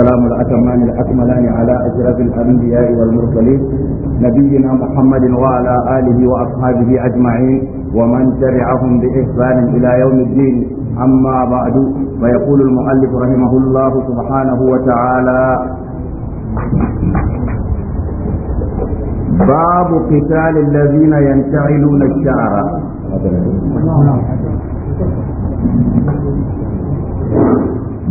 السلام الأتمان الأكملان على أشرف الأنبياء والمرسلين نبينا محمد وعلى آله وأصحابه أجمعين ومن تبعهم بإحسان إلى يوم الدين أما بعد فيقول المؤلف رحمه الله سبحانه وتعالى باب قتال الذين ينتعلون الشعر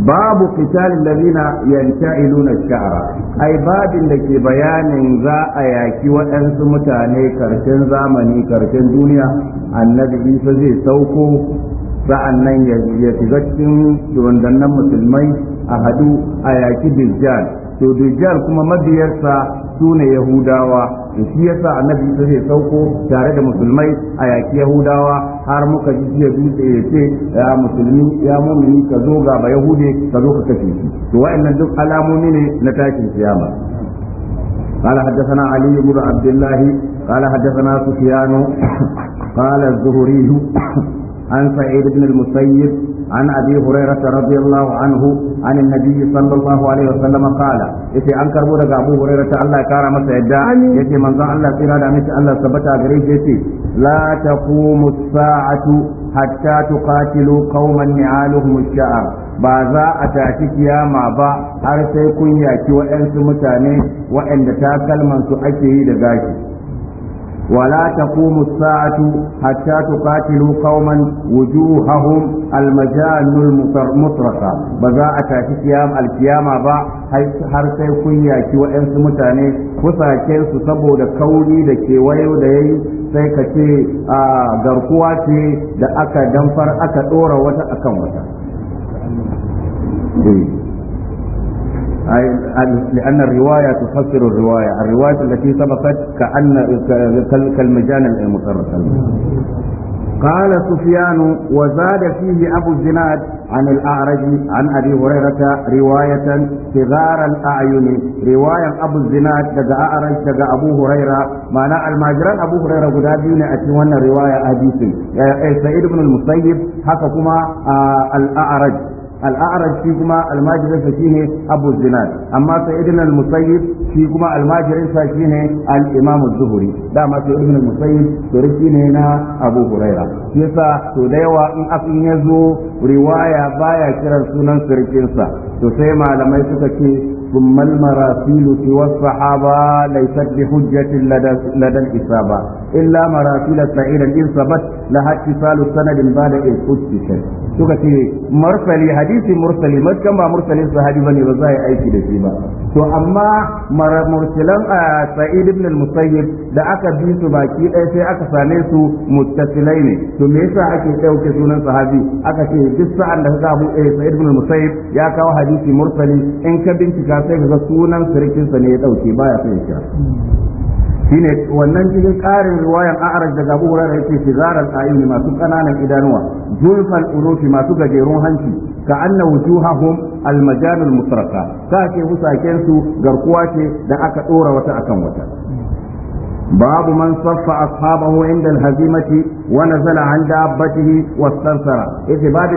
babu qitalin ladina yanta'iluna shara ai babin da ke bayanin za a yaki waɗansu mutane karshen zamani karshen duniya annabi Isa zai sauko sa'annan ya shiga don rundannan musulmai a hadu a yaki Dijjal to Dijjal kuma mabiyarsa sune Yahudawa da shi yasa annabi ta zai sauko tare da musulmai a yaki Yahudawa har muka ji jiya dutse ya ce ya musulmi ya mumini ka zo ga ba Yahude ka zo ka kashe shi to wa'annan duk alamomi ne na tashin kiyama قال حدثنا علي بن عبد الله قال حدثنا سفيان قال الزهري عن سعيد بن المسيب an أبي هريرة رضي الله عنه عن النبي صلى الله عليه وسلم قال yace an karbo daga Abu Hurairah ta Allah ya kara masa yadda yace manzon Allah tsira da miki Allah sabata gare shi yace la taqumu as-sa'atu hatta tuqatilu ba za a tashi kiyama ba har sai kun yaki wa'ansu mutane waɗanda takalman su ake yi da gashi ولا تقوم الساعة حتى تقاتلوا قوما وجوههم المجان المطرقة بزاعة كيام القيامة با har sai kun yaki waɗansu mutane kusaken su saboda kauri da kewayo da yayi sai ka ce garkuwa ce da aka damfar aka ɗora wata akan wata. لأن الرواية تفسر الرواية الرواية التي سبقت كأن كالمجان المترسل قال سفيان وزاد فيه أبو الزناد عن الأعرج عن أبي هريرة رواية صغار الأعين رواية أبو الزناد دقى أعرج دقى أبو هريرة معنى الماجران أبو هريرة قد أبين رواية أديسي سعيد بن المسيب حكى كما آه، الأعرج al'arar shi kuma almajirin sa shine abu zinad amma sai ibn al-musayyib shi kuma almajirin sa shine al-imam az-zuhri dama sai ibn al-musayyib dore shine na abu huraira shi yasa to da yawa in afin yazo riwaya baya kiran sunan sirkin sa to sai malamai suka ce ثم المراسيل سوى الصحابة ليست بحجة لدى, لدى الإصابة إلا مراسيل سعيد إن ثبت لها اتصال سند بعد إن فتشت suka ce mursali hadisi mursali maskan ba mursalin sahabi bane ba za yi aiki da shi ba to amma a sa'id ibn al-musayyib da aka bi su baki ɗaya sai aka same su muttasilai ne to me yasa ake ɗauke sunan sahabi aka ce duk sa'an da ka buɗe eh, sa'id ibn al-musayyib ya kawo hadisi mursali in ka bincika sai ka ga sunan sirkin sa ne ya ɗauke baya sai ya shine wannan cikin ƙarin riwayan a'araj daga Abu Hurairah yake sigaran ayuni masu kananan idanuwa julfan urufi masu gajerun hanci ka anna wujuhahum almajanul mutraka ka ce husaken su garkuwa ce da aka dora wata akan wata باب من صف أصحابه عند الهزيمة ونزل عن دابته واستنصر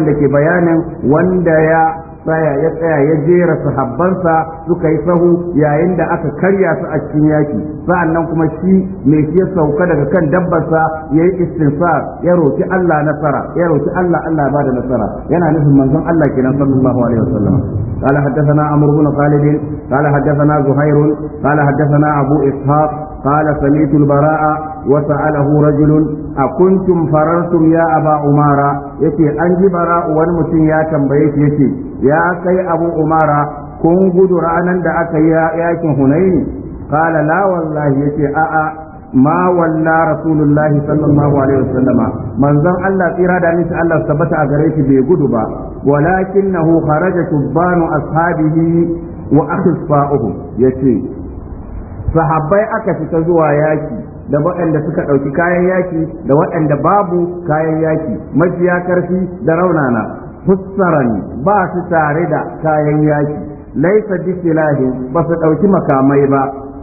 da ke bayanin wanda ya. tsaya ya tsaya ya jera sahabbansa suka yi sahu yayin da aka karya su a cikin yaki nan kuma shi mai shi sauka daga kan dabbarsa ya yi istinsar ya roki Allah nasara ya roki Allah Allah ba da nasara yana nufin manzon Allah kenan sallallahu alaihi wasallam قال حدثنا عمرو بن خالد قال حدثنا زهير قال حدثنا أبو إسحاق قال سمعت البراء وسأله رجل أكنتم فررتم يا أبا عمارة يتي أنجي براء ونمتي يا تنبيت يتي ya kai abu umara kun gudu ranar da aka yi yakin hunaini kala la wallahi yace a'a ma walla rasulullahi sallallahu alaihi wasallam manzon Allah tsira da ni Allah tabbata a gare shi bai gudu ba walakinahu kharaja tubanu ashabihi wa akhfa'uhu yace sahabbai aka fita zuwa yaki da waɗanda suka ɗauki kayan yaki da waɗanda babu kayan yaki majiya karfi da raunana fussaran ba su tare da kayan yaki laisa bisilahi ba su ɗauki makamai ba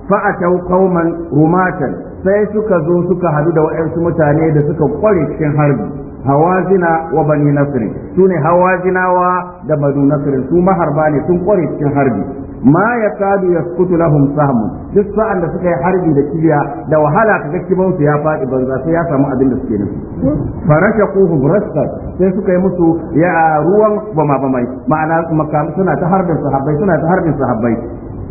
fa a kyau kauman rumatan sai suka zo suka hadu da waɗansu mutane da suka kware cikin harbi hawazina wa bani nasri su ne hawazinawa da bani nasri su maharba ne sun kware cikin harbi ma ya kadu ya kutu lahum sahmu duk sa'an da suka yi harbi da kibiya da wahala kaga kiban su ya faɗi banza sai ya samu abin da suke nufi farasha kuhu rasta sai suka yi musu ya ruwan bama bamai ma'ana makam suna ta harbin sahabbai suna ta harbin sahabbai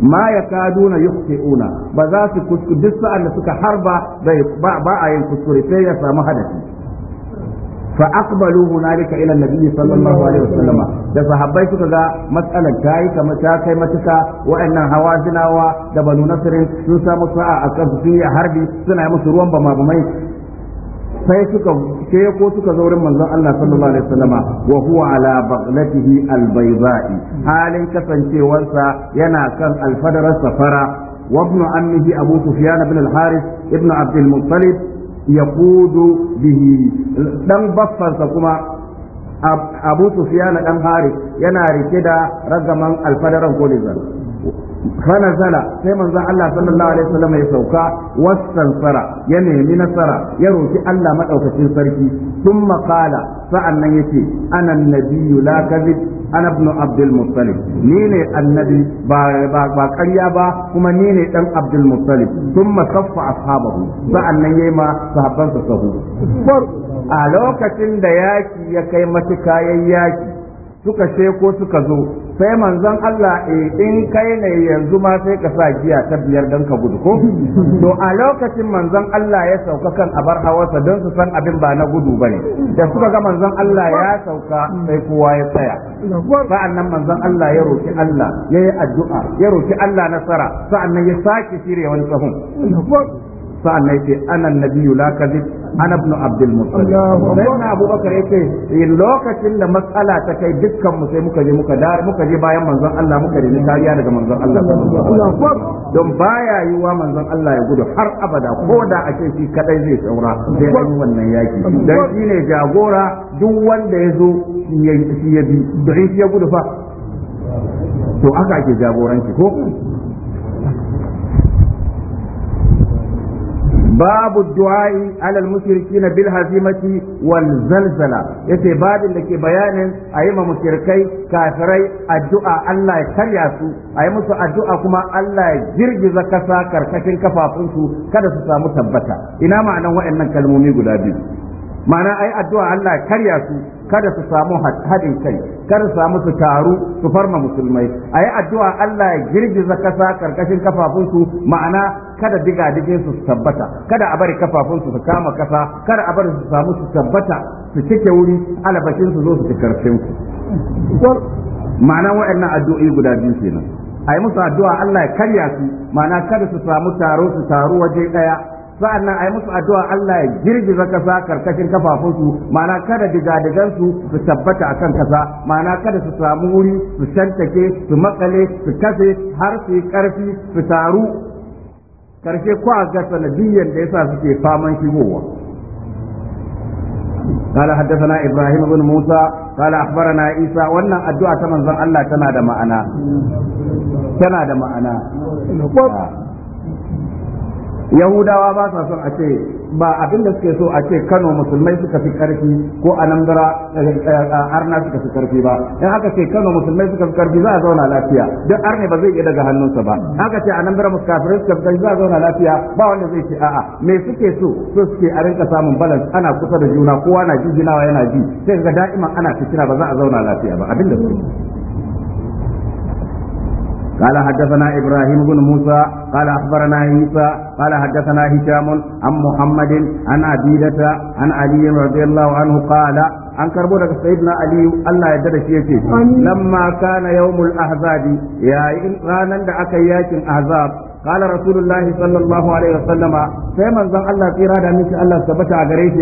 ma ya kadu na yuqti'una ba za su kusku duk sa'an da suka harba ba a yin kuskure sai ya samu hadasi fa aqbalu hunalika ila nabi sallallahu alaihi wasallama da sahabbai suka ga matsalar tayi kamar ta kai matuka wa'annan zinawa da banu nasirin sun samu sa'a a kasbi a harbi suna yi musu ruwan bama bamai sai suka ke ko suka zo wurin manzon Allah sallallahu alaihi wasallama wa huwa ala baghlatihi albayda'i halin kasancewarsa yana kan alfadarar safara وابن عمه أبو سفيان بن Ibn ابن عبد المطلب يقود dan baffansa kuma abu sufyan dan haris yana rike da ragaman alfadaran kolizan fanazala sai manzon Allah sallallahu alaihi wasallam ya sauka wasansara ya nemi nasara ya roki Allah maɗaukacin sarki thumma qala sa'annan yace ana annabiyyu la kadhib ana ibn abdul muttalib ni ne annabi ba ba ba kuma ni ne dan abdul muttalib thumma saffa ashabahu sa'annan yayi ma sahabbansa sahu a lokacin da yaki ya kai matuka yayyaki suka sheko suka zo sai manzon Allah eh, in kai ne yanzu ma sai ka sa giya ta biyar don ka gudu ko to a lokacin manzon Allah ya sauka kan abar hawarsa don su san abin ba na gudu ba ne, da suka ga manzon Allah ya sauka sai kowa ya tsaya sa'an nan manzon Allah ya roki Allah ya yi addu'a ya roki Allah nasara sa'an nan ya sake shirya wani tsahon sa'an nan yace ana nabiyyu la kadhib ana ibn abdul muttalib sai na abubakar yace eh, lokacin da matsala ta kai dukkan mu sai muka je muka da muka je bayan manzon Allah muka rini kariya daga manzon Allah don baya yiwa manzon Allah ya gudu har abada ko da a ce shi kadai zai saura sai an wannan yaki dan shine jagora duk wanda ya zo shi ya bi da shi ya gudu fa to aka ake jagoranci ko babu du'a'i alal na bil hazimati wal zalzala yace babin da ke bayanin ayi ma mushrikai kafirai addu'a Allah ya karya su ayi musu addu'a kuma Allah ya girgiza kasa karkashin kafafunsu kada su samu tabbata ina ma'anan waɗannan kalmomi guda biyu ma'ana ayi addu'a Allah ya karya su kada su samu haɗin kai kada su samu su taru su farma musulmai a yi addu'a Allah ya girgiza kasa karkashin kafafunsu ma'ana kada diga digin su tabbata kada a bari kafafun su kama kasa kada a bari su samu su tabbata su cike wuri alabashin su zo su tikarfin ku ma'ana wa'annan addu'o'i guda biyu kenan a musu addu'a Allah ya karya su ma'ana kada su samu taro su taru waje daya sa'an nan a yi musu addu'a Allah ya girgiza kasa karkashin kafafunsu ma'ana kada diga digansu su tabbata a kan kasa ma'ana kada su samu wuri su shantake su makale su kafe har su yi ƙarfi su taru Karshe ko as gatsana biyan da ya sa suke faman shigowa goma. Salihu Ibrahim, ƙuri Musa, Salihu a.Khabara na Isa. Wannan addu'a ta manzan Allah tana da ma'ana. Yahudawa ba sa son a ce. ba abin da suke so a ce Kano musulmai suka fi karfi ko Anambra eh, eh, arna suka fi karfi ba in aka ce Kano musulmai suka fi karfi za a zauna lafiya duk arne ba zai iya daga hannunsa ba aka ce Anambra musulmai suka fi karfi za a zauna lafiya ba wanda zai ce a'a me suke so so suke a rinka samun balance ana kusa da juna kowa na jijinawa yana ji sai ga da'iman ana fitina ba za a zauna lafiya ba abin da suke قال حدثنا إبراهيم بن موسى قال أخبرنا عيسى قال حدثنا هشام عن محمد عن عبيدة عن علي رضي الله عنه قال an karɓo daga sayyidina Aliyu Allah ya da shi yace lamma kana yawmul ahzab yayin ranar da aka yakin ahzab قال رسول الله صلى الله عليه وسلم سيما زن الله في رادة مثل الله ثبت أغريش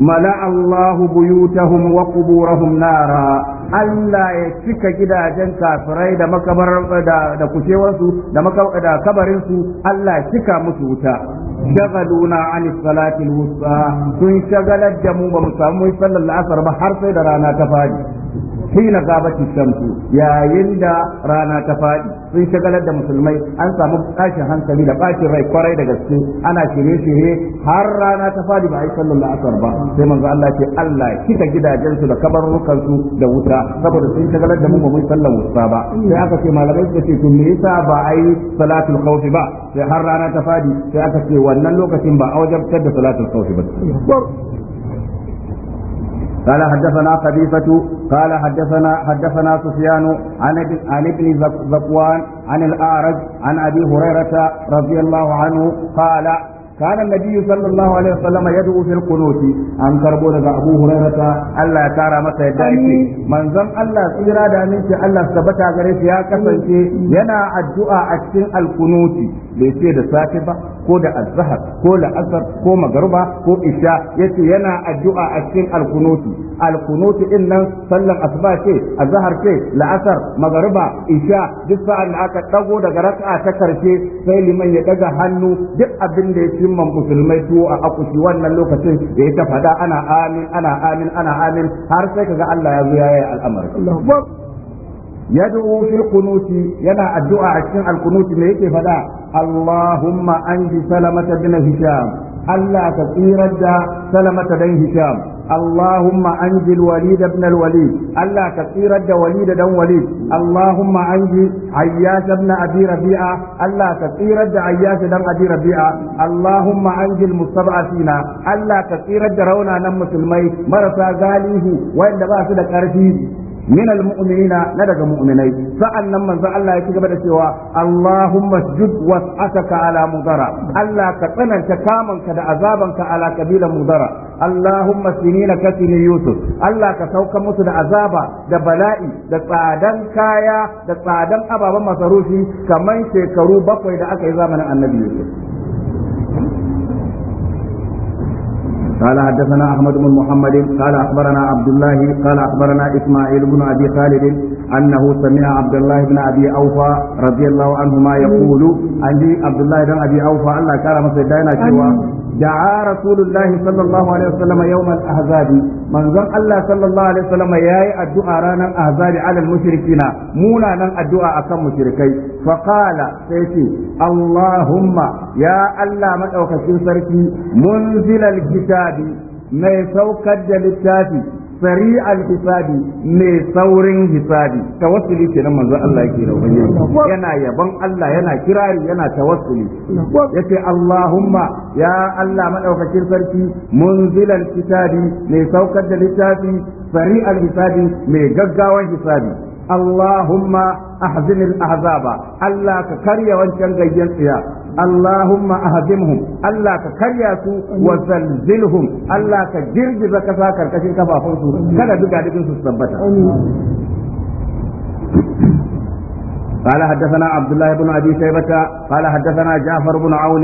ملأ الله بيوتهم وقبورهم نارا Allah ya cika gidajen kafirai da makabar da da kucewarsu da da kabarinsu Allah ya cika musu wuta shagaluna an salati al-wusta sun shagalar da mu ba mu samu sallar la'asar ba har sai da rana ta fadi hina gabati shamsu yayin da rana ta sun shagalar da musulmai an samu tashin hankali da bashin rai kwarai da gaske ana shirye-shirye har rana ta fadi ba a yi sallar asar ba sai manzo Allah ce Allah kika gidajensu da kabarukan su da wuta saboda sun shagalar da mu ba mun sallar wuta ba sai aka ce malamai suka ce sun me yasa ba a yi salatul khawf ba sai har rana ta fadi sai aka ce wannan lokacin ba a wajabtar da salatul khawf ba قال حدثنا خبيثة قال حدثنا حدثنا سفيان عن عن ابن ذكوان عن الأعرج عن أبي هريرة رضي الله عنه قال كان النبي صلى الله عليه وسلم يدعو في القنوت أن كربو لك أبو هريرة ألا ترى متى يدعيك من زم ألا سيرا دامنك ya kasance. Yana يا a ينا الدعاء أكسن القنوت safe ba, ko da azhar ko la'asar ko magarba ko isha yace yana addu'a a cikin alkunuti alkunuti din nan sallan asuba ce azhar ce la'asar magarba isha duk sa'an da aka dago daga raka'a ta karshe sai liman ya daga hannu duk abin da ya ci cikin musulmai tuwo a akushi wannan lokacin da ya ta fada ana amin ana amin ana amin har sai kaga Allah ya zo ya yi al'amari yad'u fil qunuti yana addu'a a cikin al-qunuti me yake fada Allahumma anji salamata bin hisham Allah ka tsirar da salamata dan hisham اللهم أنجل وليد بن الوليد ألا كثير الد وليد دن وليد اللهم أنجل عياش بن أبي ربيعة ألا كثير الد عياش دن أبي ربيعة اللهم أنجل مستضعفين ألا كثير الد رونا نم مسلمي مرسى غاليه وإن باسد كارثي min almu'minina na daga mu'uminai mu'minai nan manzo Allah ya ci gaba da cewa Allahumma sujud was'ataka ala mudara Allah ka tsananta kamanka da azabanka ala kabila mudara Allahumma sinina katini yusuf Allah ka sauka musu da azaba da bala'i da tsadan kaya da tsadan ababen masarufi kamar shekaru bakwai da aka yi zamanin annabi yusuf قال حدثنا احمد بن محمد قال اخبرنا عبد الله قال اخبرنا اسماعيل بن ابي خالد انه سمع عبد الله بن ابي اوفى رضي الله عنهما يقول عندي عبد الله بن ابي اوفى الله كرم سيدنا da'a rasulullahi sallallahu alaihi wasallam yawmal ahzabi manzon Allah sallallahu alaihi wasallam yayi addu'a ranar ahzabi alal na munanan addu'a akan mushrikai fa qala sai ce Allahumma ya Allah madaukakin sarki munzilal kitabi mai saukar da littafi sari al'hisabi hisabi mai saurin hisabi tawassuli kenan manzo Allah yake da ubangiji yana yabon Allah yana kirari yana tawassuli yace Allahumma ya Allah madaukakin sarki munzilal kitabi mai saukar da littafi sari al'hisabi hisabi mai gaggawan hisabi اللهم أهزم الأحزاب ألا ككري وانشان غيّن اللهم أهزمهم ألا ككريسوا وزلزلهم ألا كجرجز كفاكر كشن كفافنسوا كذا دقا دقنسوا السبتة قال حدثنا عبد الله بن ابي شيبه قال حدثنا جعفر بن عون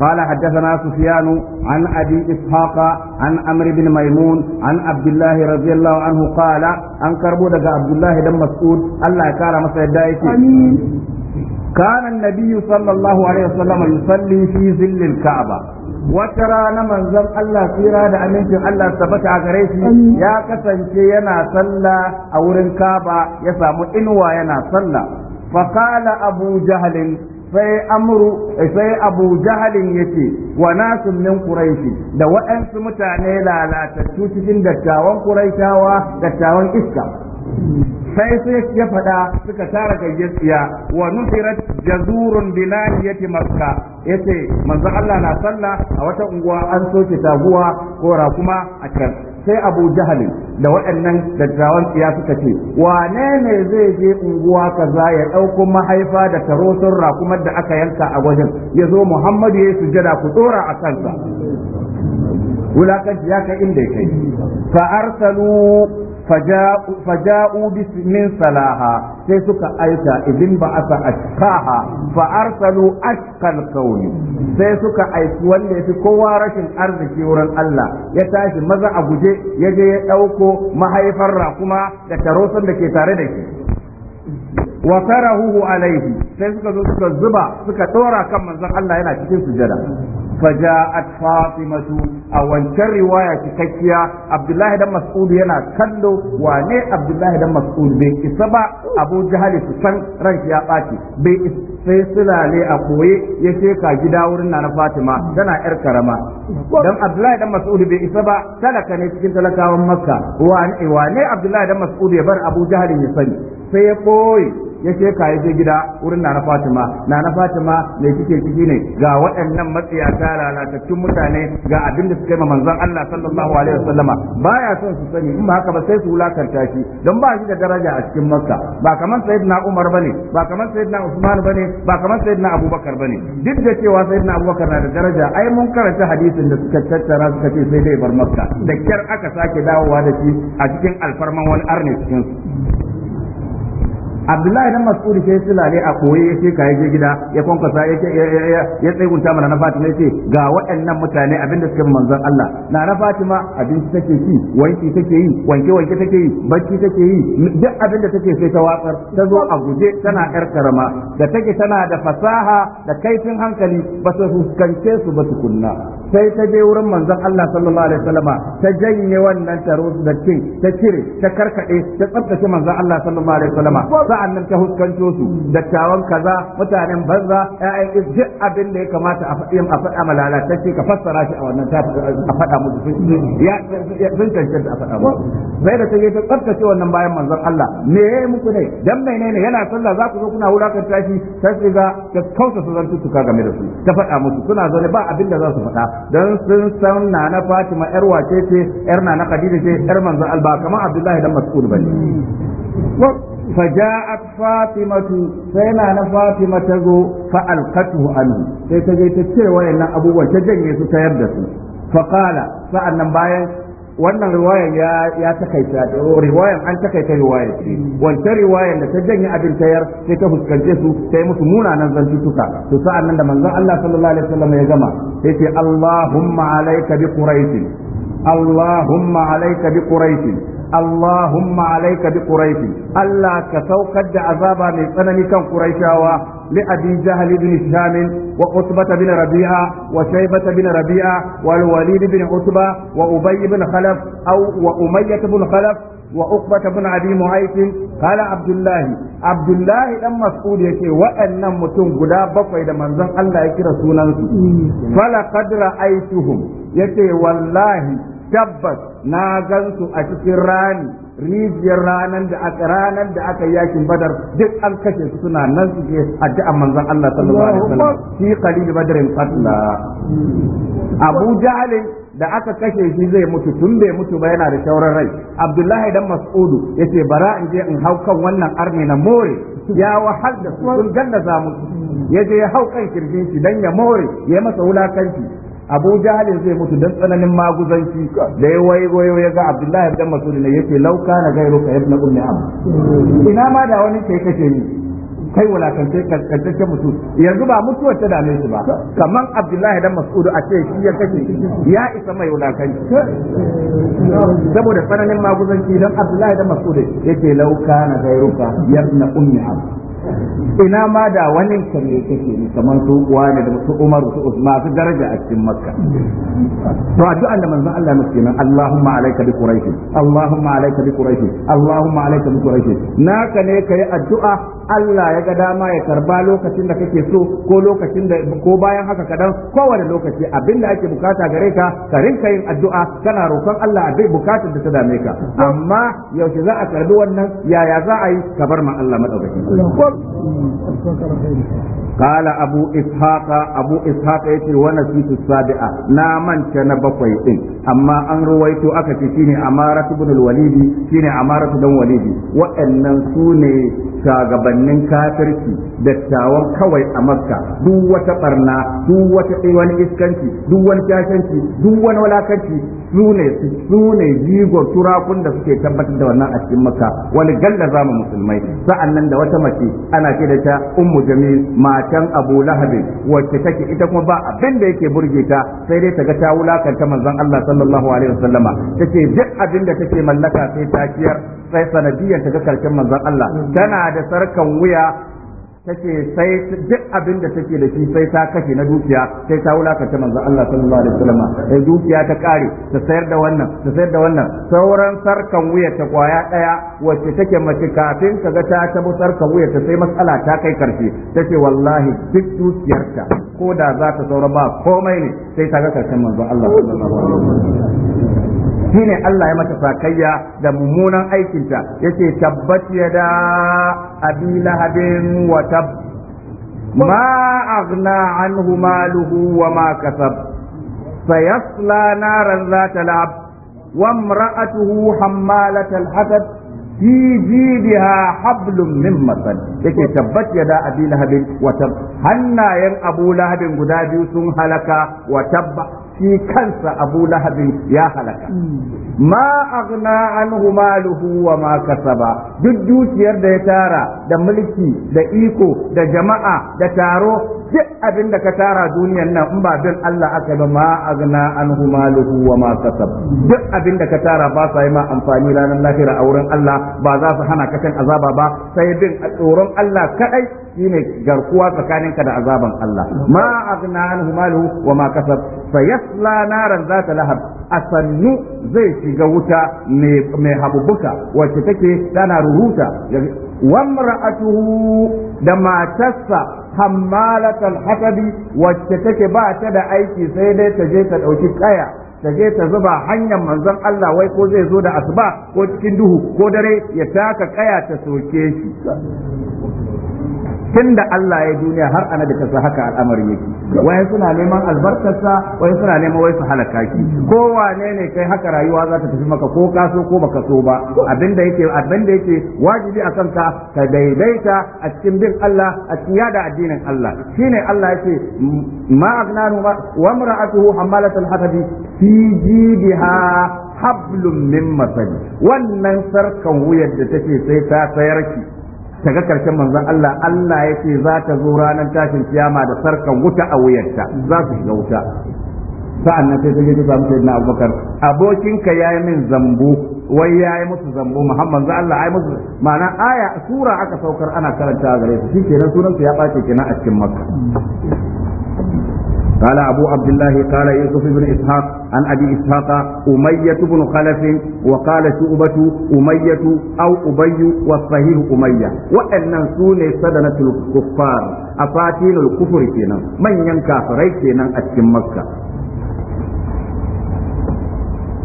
قال حدثنا سفيان عن ابي اسحاق عن عمرو بن ميمون عن عبد الله رضي الله عنه قال ان كربو دغ عبد الله بن مسعود الله يكرمه مسا يدايتي كان النبي صلى الله عليه وسلم يصلي في ظل الكعبه wata rana manzon Allah tsira da amincin Allah tabbata a gare shi ya kasance yana sallah a wurin Kaba ya samu inuwa yana sallah faqala Abu Jahl sai amru sai abu jahalin yace wa nasun min quraishi da waɗansu mutane lalatattu cikin dattawan quraishawa dattawan iska sai sai ya faɗa suka tara gayyar wa nufirat jazurun binaniyati makka yace manzo Allah na sallah a wata unguwa an soke taguwa ko rakuma a can sai abu jahalin da waɗannan dattawan tsiya suka ce wane ne zai je unguwa kaza ya ɗauko mahaifa da tarotun rakumar da aka yanka a wajen ya zo muhammadu ya sujada ku tsora a kansa wulakanci ya kai inda ya kai fa arsalu faja'u min salaha sai suka aika idin ba asa fa arsalu ashkal kauni sai suka aiki wanda yafi kowa rashin arziki wurin Allah ya tashi maza a guje ya je ya dauko mahaifar kuma da tarosan da ke tare da shi wa tarahu alaihi sai suka zo suka zuba suka dora kan manzon Allah yana cikin sujada فجاءت فاطمة أو أنشر رواية تكيا عبد الله دم مسؤول هنا كله واني عبد الله دم مسؤول بي إسبا أبو جهل سسن رنك يا قاتي بي سلسلة لي أقوي يشيكا جداورنا نفاتمة دنا إركرما دم عبد الله دم مسؤول بي إسبا تلك نسكين تلك ومكة واني واني عبد الله دم مسؤول يبر أبو جهل يسني سيقوي ya sheka ya gida wurin nana Fatima nana Fatima me kike ciki ne ga waɗannan matsiyata lalatattun mutane ga abin da suka yi manzon Allah sallallahu alaihi wasallama baya son su sani in ba haka ba sai su wulakanta shi don ba shi da daraja a cikin Makka ba kamar sayyidina Umar bane ba kamar sayyidina Usman bane ba kamar sayyidina Abubakar bane duk da cewa sayyidina Abubakar na da daraja ai mun karanta hadisin da suka tattara suka ce sai dai bar Makka da kyar aka sake dawowa da shi a cikin alfarman wani arne cikin abdullahi dan mas'ud sai sulale a ya ce ka je gida ya kwankwasa yace ya tsegunta mana na fatima yace ga waɗannan mutane abinda suke manzon Allah na na fatima abinci take ci wanki take yi wanke wanke take yi barci take yi duk abinda take sai ta watsar ta zo a guje tana yar karama da take tana da fasaha da kaifin hankali ba su fuskance su ba tukunna sai ta je wurin manzon Allah sallallahu alaihi wasallama ta janye wannan taro da kin ta cire ta karkade ta tsabtace manzon Allah sallallahu alaihi wasallama sa'an nan ta huskanto su dattawan kaza mutanen banza yayan duk abin da ya kamata a faɗi a faɗa malalatacce ka fassara shi a wannan tafi a faɗa musu sun cancanta a faɗa musu sai da sai ta tsaftace wannan bayan manzon Allah me yayi muku ne dan menene yana sallah za ku zo kuna wulakanta shi sai ga ta kausa su zan tutuka game da su ta faɗa musu suna zaune ba abin da za su faɗa dan sun san na Fatima yar wace ce yar nana Khadija ce yar manzon Allah kamar Abdullahi dan Mas'ud bane hmm. فجاءت فاطمة سينا فاطمة تزو فألقته عنه سيتجي تتشير وإن أبو وتجي ستيبدس فقال فأنا باين wannan riwayar ya ya takaita riwayar an takaita riwayar ce wancan riwayar da ta janye abin tayar sai ta fuskance su ta musu munanan zantutuka to sa'an nan da manzon Allah sallallahu alaihi wasallam ya gama sai ce Allahumma alayka bi quraish Allahumma alayka bi quraish Allahumma alaika bi quraish Allah ka saukar da azaba mai tsanani kan quraishawa li abi jahl ibn hisham wa utbah bin rabi'a wa shaybah bin rabi'a wal walid bin utbah wa ubay bin khalaf wa umayyah bin khalaf وعقبة بن أبي معيط قال عبد الله عبد الله دم مسعود يكي وأن متون غدا بقوي دم الله يكي رسولا فلقد رأيتهم يكي والله tabbas na gansu a cikin rani rijiyar ranar da aka ranar da aka yakin badar duk an kashe su suna nan su ke addu'an manzon Allah sallallahu alaihi wasallam shi qalil badrin fatla Abu Jahl da aka kashe shi zai mutu tun bai mutu ba yana da shauran rai Abdullahi dan Mas'udu yace bara in je in hau kan wannan arni na more ya wahal da su sun ganna za mu yaje ya hau kan kirjin shi dan ya more ya masa wulakanci abu jahalin zai mutu dan tsananin maguzanci da ya waiwayo ya ga abdullahi dan masudi ne yake lauka na gairo ka yabna ummi am ina ma da wani kai kace ni kai walakance kaddace mutu yanzu ba mutuwar ta dame shi ba kamar abdullahi dan mas'udu a ce shi ya kashe ya isa mai wulakanci saboda tsananin maguzanci dan abdullahi dan mas'udu yake lauka na gairuka yabna ummi am ina ma da wani kare kake ne kamar su ne da su Umar su Usman su daraja a cikin Makka to addu'an da manzon Allah muke nan Allahumma alayka bi quraish Allahumma alayka bi quraish Allahumma alayka bi quraish naka ne kai addu'a Allah ya ga dama ya karba lokacin da kake so ko lokacin da ko bayan haka kadan kowane lokaci abin da ake bukata gare ka ka rinka yin addu'a kana roƙon Allah abin bukatar da ta dame ka amma yaushe za a karbi wannan yaya za a yi ka bar ma Allah madaukaki قال أبو إسحاق أبو إسحاق يتي ونسيت السابعة نامن كان بقوي إن أما أن رويت أكتي شيني عمارة بن الوليد شيني عمارة بن الوليد وأن سوني shagabannin kafirci dattawan kawai a makka duk wata barna duk wata wani iskanci duk wani shashanci duk wani walakanci su ne su ne jigo turakun da suke tabbatar da wannan a cikin maka wani galla za mu musulmai sa'annan da wata mace ana ce da ta ummu jamil matan abu lahabin wacce take ita kuma ba abin da yake burge ta sai dai ta ga ta wulakanta manzon Allah sallallahu alaihi wasallama tace duk abin da take mallaka sai ta kiyar sai sanadiyar ta ga karshen manzon Allah tana da sarkan wuya tace sai duk abin da take da shi sai ta kashe na dukiya sai ta wulakanta manzo Allah sallallahu alaihi wasallam sai dukiya ta kare ta sayar da wannan ta sayar da wannan sauran sarkan wuya ta kwaya daya wacce take mace kafin ka ga ta tabo sarkan wuya ta sai matsala ta kai karshe tace wallahi duk dukiyarta ko da za ta saura ba komai ne sai ta ga karshen manzo Allah sallallahu alaihi wasallam shine Allah ya mata sakayya da mummunan aikinta yace tabbat yada abi lahabin wa tab ma aghna anhu maluhu wa ma kasab sayasla naran zata lab wa imra'atuhu hammalatal hatab fi jibiha hablum min masad yake tabbat yada abi lahabin wa tab hannayen abu lahabin guda biyu sun halaka wa tabba shi kansa abu lahabin ya halaka ma aghna anhu maluhu wa ma kasaba duk dukiyar da ya tara da mulki da iko da jama'a da taro duk abin da ka tara duniyan nan in ba bin Allah aka ba ma aghna anhu maluhu wa ma kasab duk abin da ka tara ba sa yi ma amfani ranar lahira a wurin Allah ba za su hana ka kan azaba ba sai bin tsoron Allah kadai shine garkuwa tsakaninka da azaban Allah ma aghna anhu maluhu wa ma kasab sayasla naran zata lahab asannu zai shiga wuta mai habubuka wacce take tana ruhuta wamra'atuhu da matarsa hammalatal hatabi wacce take ba ta da aiki sai dai ta je ta dauki kaya ta je ta zuba hanyar manzon Allah wai ko zai zo da asuba ko cikin duhu ko dare ya taka kaya ta soke shi tun da Allah ya duniya har ana da ta haka al'amari yake wai suna neman albarkarsa wai suna neman wai su halaka ki ko wane ne kai haka rayuwa za ta tafi maka ko ka so ko baka so ba abinda yake abinda yake wajibi a kanka ka daidaita a cikin bin Allah a cikin yada addinin Allah shine Allah yake ma agnanu wa mar'atuhu hammalatul hatabi fi jidiha hablum min masali wannan sarkan wuyar da take sai ta sayar ki ta ga karshen manzon Allah Allah ce za ta zo ranar tashin kiyama da sarkan wuta a wuyarta za su shiga wuta sa'an nan sai ta ta samu sayyidina Abubakar abokinka yi min zambo wai yi musu zambo Muhammad za Allah ai musu ma'ana aya sura aka saukar ana karanta gare su shi kenan sunansu ya ɓace kenan a cikin maka. قال أبو عبد الله قال يوسف بن إسحاق عن أبي إسحاق أمية بن خلف وقال شعبة أمية أو أبي والصحيح أمية وأن سوني سدنة الكفار أفاتين الكفر كينا من ينكافر كينا أتكم مكة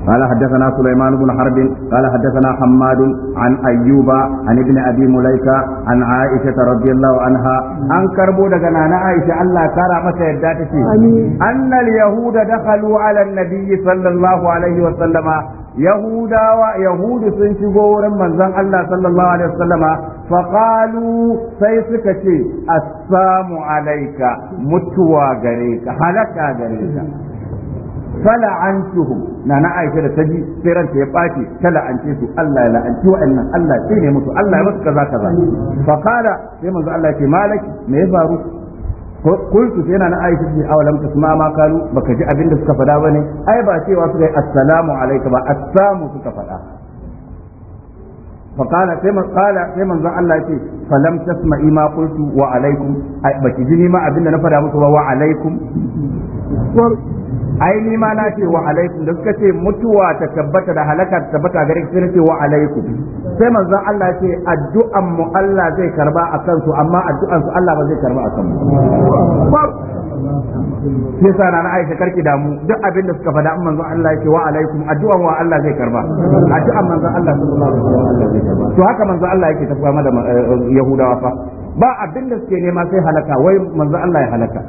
قال حدثنا سليمان بن حرب قال حدثنا حماد عن أيوب عن ابن أبي مليكة عن عائشة رضي الله عنها عن كربو دقنا عائشة الله ترى متى أن اليهود دخلوا على النبي صلى الله عليه وسلم yahudawa yahudu sun shigo wurin manzon Allah sallallahu alaihi wasallama faqalu sai suka ce assalamu alayka mutuwa gare ka halaka gare ka fala'antuhum na na aisha da taji sai ranta ya bace ta la'ance su Allah ya la'anci wa'annan Allah sai ne musu Allah ya musu kaza kaza fa qala sai manzo Allah ce malaki me ya faru kuntu sai na aisha ce aw lam tasma ma kalu baka ji abin da suka faɗa bane ai ba cewa su yi assalamu alayka ba assamu suka faɗa فقال سيما قال سيما زعل wa يتي ai تسمعي ما ma abin da na faɗa muku ba wa alaykum ai ni ma na ce wa alaikum da suka ce mutuwa ta tabbata da halaka ta tabbata gare ki sai ce wa alaikum sai manzon Allah ce addu'an mu Allah zai karba a kansu amma addu'an su Allah ba zai karba a kansu sai sa na Aisha karki damu duk abin da suka faɗa manzon Allah ya ce wa alaikum addu'an wa Allah zai karba addu'an manzon Allah sallallahu alaihi wasallam zai karba to haka manzon Allah yake tafiya da eh, Yahudawa fa ba abin da suke nema sai halaka wai manzon Allah ya halaka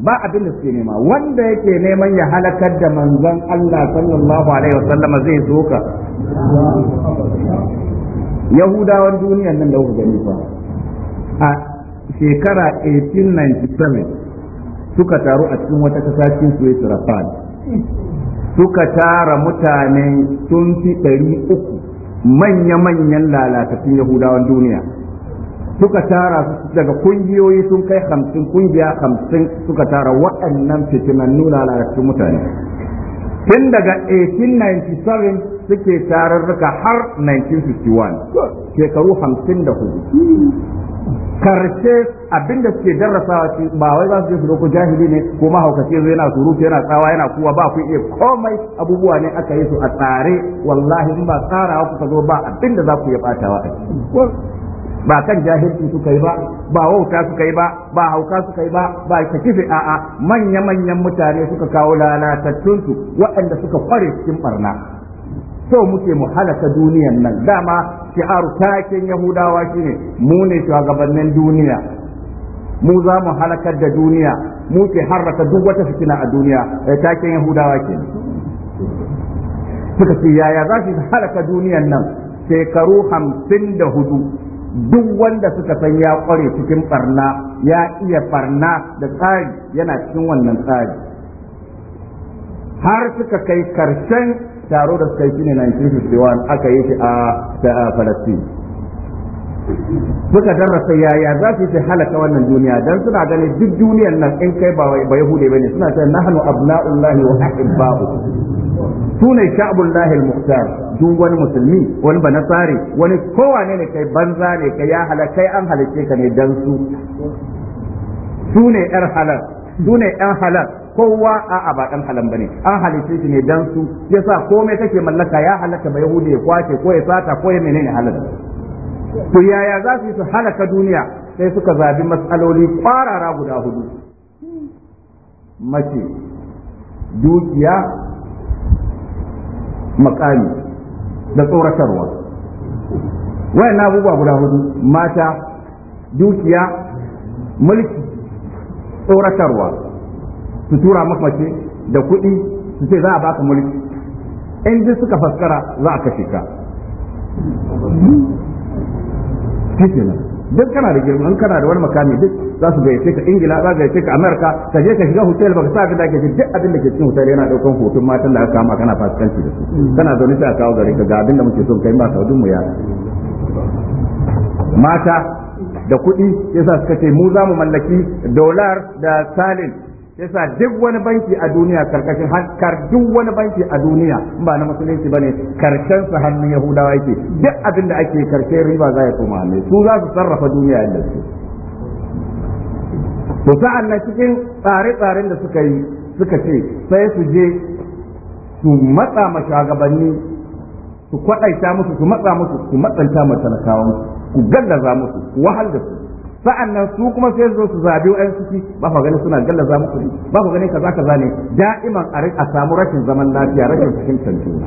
ba abin da suke nema wanda yake neman ya halakar da manzon Allah sallallahu alaihi wasallam zai zo ka yahudawan duniyan nan da uku gani fa a shekara 1897 suka taru a cikin wata kasashen Suez Rafal suka tara mutane sun fi ɗari uku manya-manyan lalatattun yahudawan duniya suka tara su daga kungiyoyi sun kai hamsin kungiya hamsin suka tara waɗannan fitinan nuna lalacin mutane tun daga 1897 suke tararruka har 1951 shekaru hamsin da hudu karshe abinda suke darasawa shi ba wai ba su je su jahili ne ko mahaukaci zai yana surutu yana tsawa yana kuwa ba ku iya komai abubuwa ne aka yi su a tsare wallahi in ba tsarawa kuka zo ba abinda za ku iya batawa a ba kan jahilci suka yi ba ba wauta suka yi ba ba hauka suka yi ba ba ta kife a'a manya manyan mutane suka kawo su waɗanda suka kware cikin barna so muke mu halaka duniyan nan dama shi'aru taken yahudawa shine mu ne shugabannin duniya mu za mu halakar da duniya mu ke harraka duk wata fitina a duniya eh, taken yahudawa ke suka ce yaya za su halaka duniyan nan shekaru hamsin da hudu duk wanda suka san ya kware cikin barna ya iya barna da tsari yana cikin wannan tsari har suka kai karshen taro da suka yi ne 1951 aka yi shi a Falastin suka darasa yaya za su yi halaka wannan duniya dan suna ganin duk duniyar nan in kai ba ba yahude bane suna cewa nahnu abna'ullahi wa ahibba'u ne sha'bullahi al-muhtar duk wani musulmi wani banasari wani kowane ne kai banza ne kai ya halaka kai an halice ka ne dan su sune yar halal ne yan halal kowa a'a ba dan halan bane an halice shi ne dan su yasa komai kake mallaka ya halaka ba yahude ya kwace ko ya sata ko ya menene halal to yaya za su yi su halaka duniya sai suka zabi matsaloli kwarara guda hudu mace dukiya makami da tsoratarwa wayan abubuwa guda hudu mata dukiya mulki tsoratarwa su tura maka mace da kuɗi su ce za a baka mulki in duk suka faskara za a kashe ka kenan duk kana da girma in kana da wani makami duk za su gayyace ka ingila za su gayyace ka amerika ka je ka shiga hotel baka sa ka da duk abin da ke cikin hotel yana daukan hoton matan da aka kama kana fasikanci da su kana zaune sai a kawo gare ka ga abin da muke son kai ba saudin mu ya mata da kuɗi yasa suka ce mu za mu mallaki dolar da salin yasa duk wani banki a duniya karkashin har duk wani banki a duniya ba na musulunci bane karshen sa hannun yahudawa yake duk abin da ake karshe riba za ya koma ne su za su sarrafa duniya yadda su to sa'an nan cikin tsare-tsaren da suka yi suka ce sai su je su matsa ma shugabanni su kwadaita musu su matsa musu su matsanta ma talakawan ku gallaza musu wahal da su sa'annan su kuma sai zo su zabi wa'yan ciki ba ku gani suna gallaza muku ne ba ku gani kaza kaza ne da'iman a samu rashin zaman lafiya rashin fahimtar juna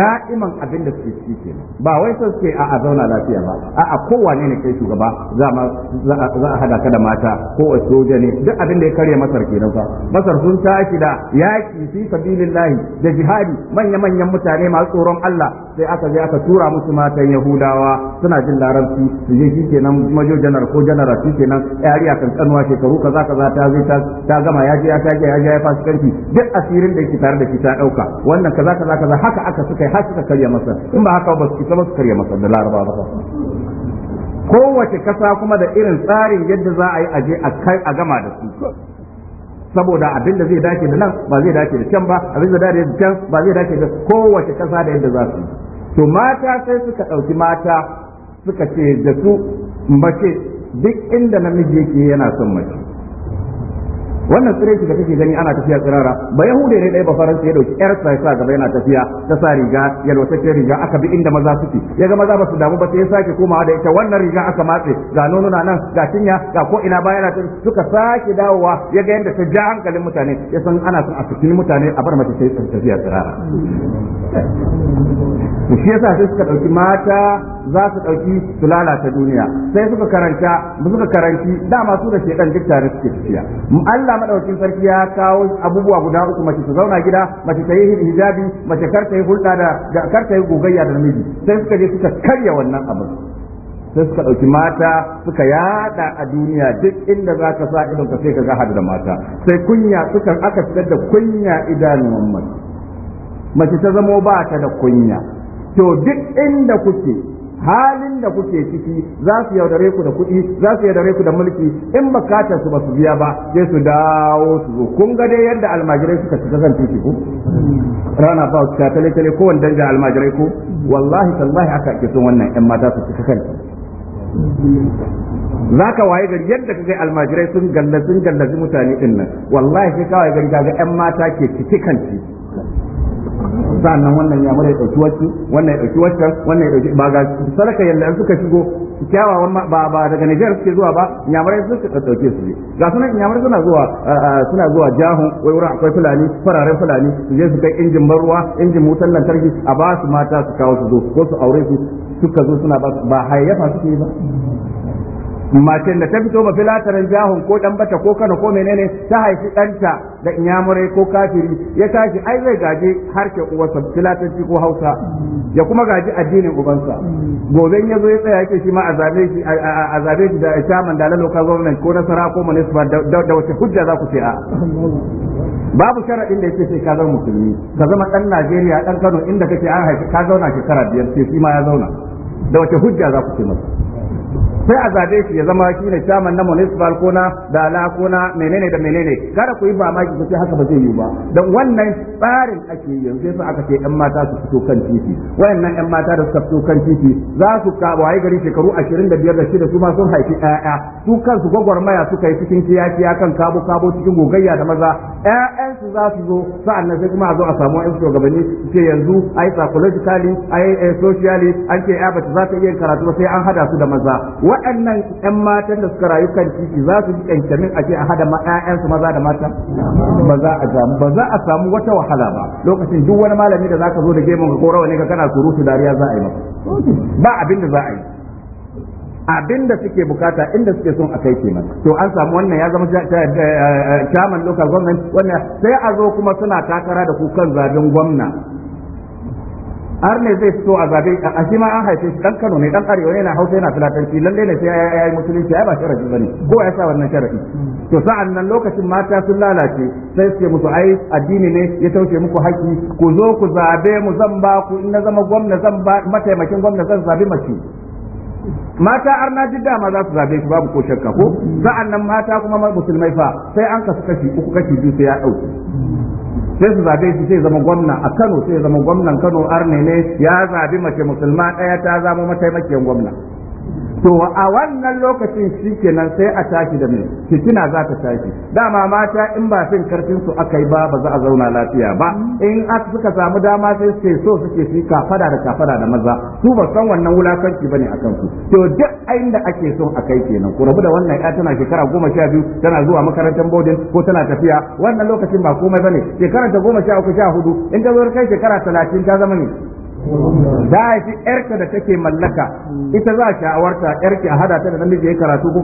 da'iman abin da suke ciki ke ba wai sai suke a zauna lafiya ba a kowane ne kai shugaba za a hada ka da mata ko a soja ne duk abin da ya karya masar ke fa masar sun tashi da yaki fi sabilillahi da jihadi manya manyan mutane masu tsoron Allah sai aka je aka tura musu matan Yahudawa suna jin laranci su je kenan kenan majo janar ko janara shi kenan yariya kan kanwa shekaru kaza kaza ta zai ta gama ya je ya take ya je ya fasu karfi duk asirin da yake tare da shi ta dauka wannan kaza kaza kaza haka aka suka yi suka karya masa in ba haka ba su kisa ba su karya masa da laraba ba kowace kasa kuma da irin tsarin yadda za a yi aje a kai a gama da su saboda abin da zai dace da nan ba zai dace da can ba abin da dace da can ba zai dace da kowace kasa da yadda za su to mata sai suka ɗauki mata suka ce da su mace duk inda namiji yake yana son mace wannan shi da kake gani ana tafiya tsirara ba yahude ne dai ba faransa ya dauki yar sa sa gaba yana tafiya ta sa riga yalwataccen riga aka bi inda maza suke ya ga maza ba su damu ba sai ya sake komawa da ita wannan riga aka matse ga nonuna nan ga cinya ga ko ina baya yana suka sake dawowa ya ga yadda ta ja hankalin mutane ya san ana son a cikin mutane a bar mata sai tafiya tsirara to shi yasa sai suka dauki mata za su dauki su lalata duniya sai suka karanta suka karanci dama su da shedan duk tare suke tafiya Allah madaukin sarki ya kawo abubuwa guda uku mace ta zauna gida mace ta yi hijabi mace kar ta yi hulɗa da kar ta yi gogayya da namiji sai suka je suka karya wannan abin sai suka ɗauki mata suka yada a duniya duk inda za ka sa idon ka sai ka ga hadu da mata sai kunya sukan aka fitar da kunya idanun mace mace ta zamo ba ta da kunya to duk inda kuke halin da kuke ciki za su yaudare ku da kuɗi za su yaudare ku da mulki in bukatar su ba su biya ba sai su dawo su zo kun ga dai yadda almajirai suka cika zan titi ku rana ba su tale tale ko wanda da almajirai ku wallahi tallahi aka ake son wannan yan mata su cika kanta za ka waye gari yadda kai almajirai sun gallazin sun gallazi mutane din nan wallahi sai ka waye gari ga yan mata ke ciki kanti. sannan wannan ya mara ɗauki wacce wannan ya ɗauki wacce wannan ya ɗauki ba ga sarka yalla suka shigo kyawawan ba ba daga nijar suke zuwa ba inyamurai suka ɗauke su je ga sunan inyamurai suna zuwa suna zuwa jahun wai wurin akwai fulani fararen fulani su je su kai injin ban ruwa injin wutan lantarki a ba su mata su kawo su zo ko su aure su suka zo suna ba ba hayayyafa suke ba macen da ta fito ba filatarin jahun ko dan bata ko kano ko menene ta haifi danta da inyamurai ko kafiri ya tashi ai zai gaji harshe uwarsa filatanci ko hausa ya kuma gaji addinin ubansa goben ya zo ya tsaya yake shi ma a shi azabe shi da shaman da local government ko sara ko municipal da wace hujja za ku ce a babu sharaɗin da yake sai ka zama musulmi ka zama dan Najeriya dan Kano inda kake an haifi ka zauna shekara biyar sai shi ma ya zauna da wace hujja za ku ce masa sai a zabe shi ya zama shine chairman na municipal ko na dala ko na menene da menene kada ku yi maki ku ce haka ba zai yi ba dan wannan tsarin ake yanzu sai aka ce yan mata su fito kan titi wayannan yan mata da su fito kan titi za su ka gari shekaru 25 da shida su ma sun haifi ƴaƴa su kansu gwagwarmaya suka yi cikin kiyakiya kan kabo kabo cikin gogayya da maza su za su zo sa'annan sai kuma a zo a samu ƴan shugabanni ce yanzu ai psychologically ai eh, socially an ce ya bata za ta iya karatu ba sai an hada su da maza waɗannan ƴan matan da suka rayu kan titi za su ji kankamin aje a hada ƴaƴansu maza da mata ba za a samu ba za a samu wata wahala ba lokacin duk wani malami da za ka zo da gemun ka korawa ne ka kana surutu dariya za a yi maka ba abin da za a yi abin da suke bukata inda suke son a kai kenan to an samu wannan ya zama eh, eh, chairman local government wannan sai a zo kuma suna takara da kukan zaben gwamna har ne zai fito a zabe a shi ma an haife shi dan Kano ne dan Arewa ne na Hausa yana filatanci lalle ne sai ya yi musulunci ya ba sharadi bane ko ya sa wannan sharadi to sa'an nan lokacin mata sun lalace sai suke musu ai addini ne ya tauce muku haƙƙi ku zo ku zabe mu zan ba ku in na zama gwamna zan ba mataimakin gwamna zan zabi mace mata na ji dama za su zabe shi babu ko shakka ko sa'an nan mata kuma musulmai fa sai an kasu kashi uku kashi biyu sai ya dauke sai su zabe shi sai zama gwamna a Kano sai zama gwamnan Kano arne ne ya zabi mace musulma ɗaya ta zama mataimakiyar gwamna to a wannan lokacin kenan sai a tashi da mai fitina za ta tashi dama mata in ba fin karfin su aka yi ba ba za a zauna lafiya ba in aka suka samu dama sai sai so suke su kafada da kafada da maza su ba san wannan wulakanci bane a kansu. to duk ayin da ake son a kai kenan ku rabu da wannan ya tana shekara goma sha biyu tana zuwa makarantar bodin ko tana tafiya wannan lokacin ba komai bane shekara ta goma sha uku sha hudu in ta zo kai shekara talatin ta zama ne za a fi yarka da take mallaka ita za a shawarta yarki a hada ta da namiji ya karatu ko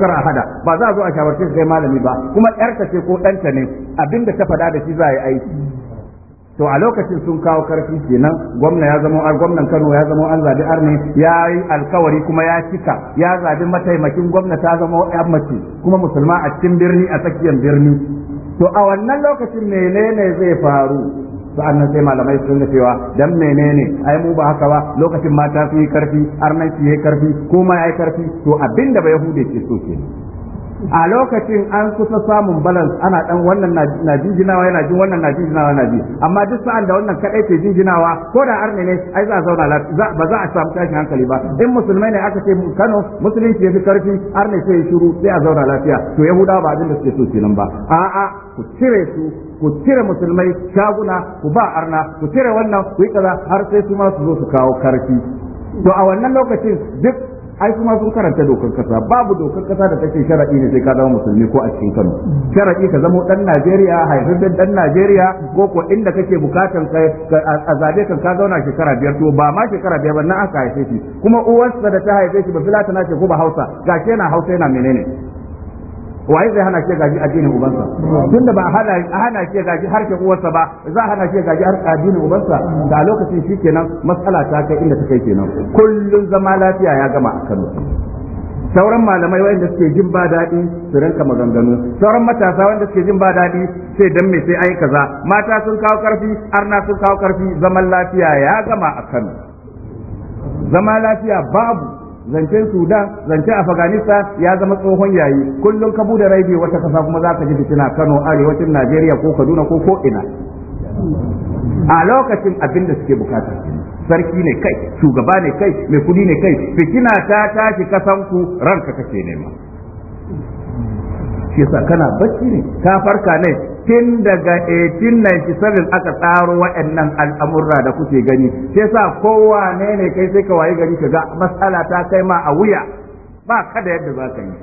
kar a hada ba za a zo a shawarce kai malami ba kuma yarka ce ko ɗanta ne abinda ta faɗa da shi za a yi aiki to a lokacin sun kawo karfi kenan gwamna ya zama gwamnan Kano ya zama an zabi arne ya yi alkawari kuma ya cika ya zabi mataimakin gwamna ta zama yan mace kuma musulma a cikin birni a tsakiyar birni to a wannan lokacin menene zai faru nan sai malamai su dinga cewa dan menene ai mu ba haka ba lokacin mata su yi karfi arnanci yi karfi ko ma yi karfi to abinda ba yahude ke so kenan a lokacin an kusa samun balance ana dan wannan na jinjinawa yana jin wannan na jinjinawa na ji amma duk sa'an da wannan kadai ke jinjinawa ko da arne ne ai za a zauna ba za a samu tashin hankali ba in musulmai ne aka ce Kano musulunci yafi karfi arne sai ya shiru sai a zauna lafiya to yahudawa ba abin da suke so kenan ba a'a ku cire su ku cire musulmai shaguna ku ba arna ku cire wannan ku yi kaza har sai su ma su zo su kawo karfi to a wannan lokacin duk ai kuma sun karanta dokar kasa babu dokar kasa da take shar'i ne sai ka zama musulmi ko a cikin Kano shar'i ka zama dan Najeriya haifin dan Najeriya ko ko inda kake bukatan kai a zabe kan ka zauna shekara biyar to ba ma shekara biyar ba na aka haife shi kuma uwarsa da ta haife shi ba filata nace ko ba Hausa gashi yana Hausa yana menene waye zai hana shi gaji addinin ubansa tunda ba hana hana shi gaji harshen uwarsa ba za hana shi gaji addinin ubansa da lokacin shi kenan matsala ta kai inda ta kai kenan kullun zama lafiya ya gama a Kano sauran malamai wanda suke jin ba daɗi su ranka maganganu sauran matasa wanda suke jin ba daɗi sai dan me sai ai kaza mata sun kawo karfi arna sun kawo karfi zaman lafiya ya gama a Kano zama lafiya babu zancen sudan zancen afghanistan ya zama tsohon yayi kullum ka bude radio wata kasa kuma za ka ji fitina kano arewacin najeriya ko kaduna ko ko ina a lokacin abin da suke bukata sarki ne kai shugaba ne kai mai kudi ne kai fitina ta tashi kasanku ranka kake nema shi sa kana bacci ne ta farka ne tun daga 1897 aka tsaro waɗannan al'amurra da kuke gani sai sa kowa ne ne kai sai ka waye gari kaga ga matsala ta kai ma a wuya ba kada yadda za ka yi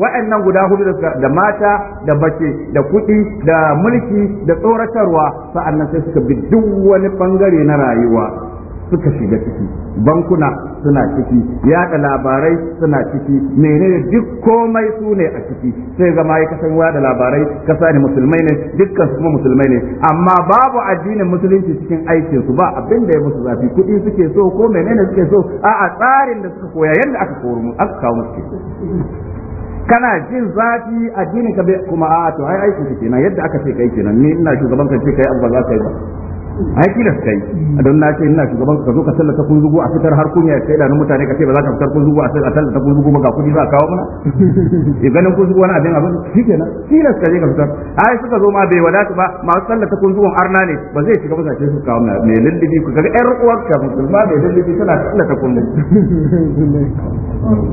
waɗannan guda hudu da mata da bace da kuɗi da mulki da tsoratarwa sa'annan sai suka bi duk wani bangare na rayuwa suka shiga ciki bankuna suna ciki yada labarai suna ciki menene duk komai su ne a ciki sai zama ya kasan da labarai kasa ne musulmai ne dukkan su kuma musulmai ne amma babu addinin musulunci cikin aikin su ba abin da ya musu zafi kuɗi suke so ko menene suke so a tsarin da suka koya yadda aka koru mu aka kawo musu kana jin zafi addinin ka kuma a to ai aikin ka kenan yadda aka ce kai kenan ni ina shugaban ka ce kai abu ba za ka yi ba a yaki da kai don na ce ina shugaban ka zo ka tallata kun zugu a fitar har kunya ya kai da mutane ka ce ba za ka fitar kun zugu a tallata kun zugu ba ga kudi za ka kawo mana ya ganin kun zugu wani abin abin shi kenan tilas ka kai ka fitar ai suka zo ma bai wadatu ba ma tallata kun zugun arna ne ba zai shiga ba su kawo mana mai lullubi ku ga yar uwarka musulma mai lullubi tana tallata kun